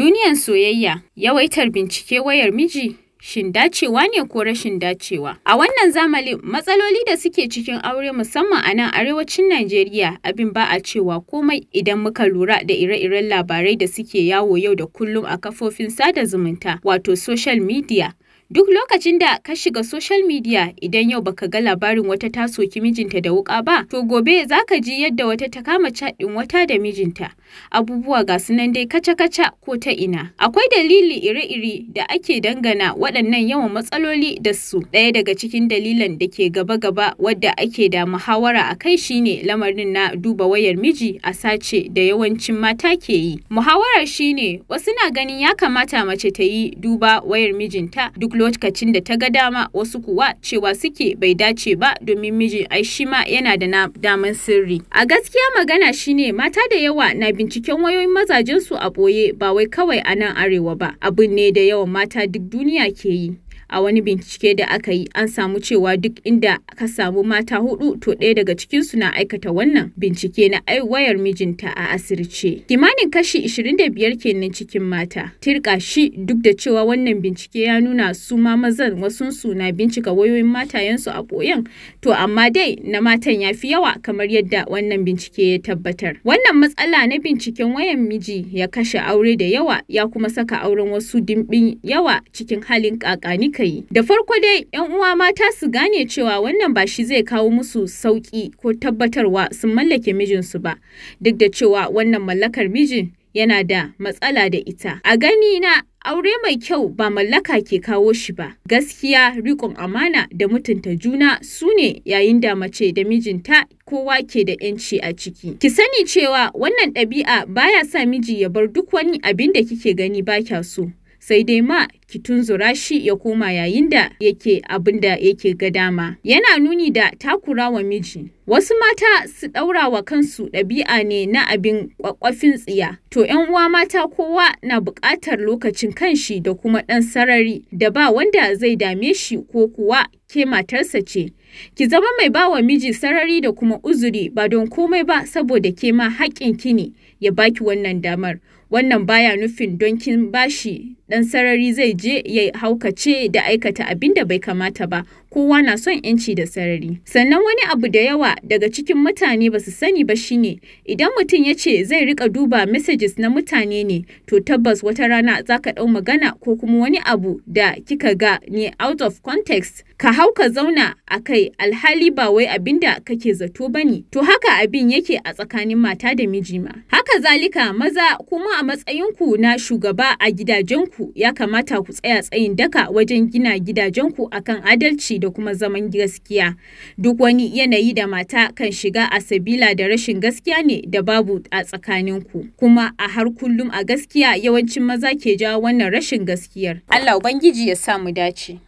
duniyan soyayya, yawaitar bincike wayar miji, shin dacewa ne ko rashin dacewa? A wannan zamani matsaloli da suke cikin aure musamman a nan arewacin Najeriya abin ba a cewa komai idan muka lura da ire-iren labarai da suke yawo yau da kullum a kafofin sada zumunta wato social media. Duk lokacin da ka shiga social media idan yau baka ga labarin wata ta soki mijinta da wuka ba, to gobe za ka ji yadda wata ta kama caɗin wata da mijinta. Abubuwa ga sunan dai kaca-kaca ko ta ina. Akwai dalili iri-iri da ake dangana waɗannan yawan matsaloli da su. Ɗaya daga cikin dalilan da ke gaba-gaba wadda ake da muhawara a kai shine lamarin na duba wayar miji a sace da yawancin mata ke yi. Muhawarar shine wasu na ganin ya kamata mace ta yi duba wayar mijinta duk lokacin da ta ga dama wasu kuwa cewa suke bai dace ba domin mijin ai shi ma yana da daman sirri. A gaskiya magana shine mata da yawa na binciken wayoyin mazajen su a ɓoye ba wai kawai a nan arewa ba abin ne da yawan mata duk duniya ke yi. a wani bincike da aka yi an samu cewa duk inda ka samu mata hudu to ɗaya daga cikinsu na aikata wannan bincike na wayar mijinta a asirce kimanin kashi 25 kenan cikin mata tirka shi duk da cewa wannan bincike ya nuna su ma mazan wasunsu na bincika wayoyin matayensu a ɓoyen to amma dai na matan ya fi yawa kamar yadda wannan bincike ya tabbatar wannan matsala na binciken wayan miji ya kashe aure da yawa ya kuma saka auren wasu dimbin yawa cikin halin kakanika aka yi. Da farko dai 'yan uwa mata su gane cewa wannan ba shi zai kawo musu sauƙi ko tabbatarwa sun mallake mijinsu ba, duk da cewa wannan mallakar mijin yana da matsala da ita. A gani na aure mai kyau ba mallaka ke kawo shi ba. Gaskiya, riƙon amana da mutunta juna su ne yayin da mace da mijinta kowa ke da ‘yanci a ciki. Ki sani cewa wannan ɗabi'a baya sa miji ya bar duk wani abin da kike gani ba kya so. sai dai ma ki tunzura shi ya koma yayin da yake abin da yake ga dama. Yana nuni da takura wa miji. Wasu mata su ɗaura wa kansu ɗabi'a ne na abin ƙwaƙwafin tsiya. To ‘yan uwa mata kowa na buƙatar lokacin kanshi da kuma ɗan sarari da ba wanda zai dame shi ko kuwa ke matarsa ce. Ki zama mai ba wa miji sarari da kuma uzuri ba don komai ba saboda ke ma haƙƙin ki ne ya baki wannan damar. wannan baya nufin don kin bashi dan sarari zai je ya haukace da aikata abin da bai kamata ba kowa na son yanci da sarari sannan wani abu da yawa daga cikin mutane ba su sani ba shine idan mutum ya ce zai rika duba messages na mutane ne to tabbas wata rana za ka ɗau magana ko kuma wani abu da kika ga ne out of context ka hau ka zauna a kai alhali ba wai abin da kake zato ba ne to haka abin yake a tsakanin mata da miji ma haka zalika maza kuma a matsayinku na shugaba a gidajenku ya kamata ku tsaya tsayin daka wajen gina gidajenku akan adalci da kuma zaman gaskiya. Duk wani yanayi da mata kan shiga a sabila da rashin gaskiya ne da babu a tsakaninku. Kuma a har kullum a gaskiya yawancin maza ke jawo wannan rashin gaskiyar. Allah Ubangiji ya sa mu dace.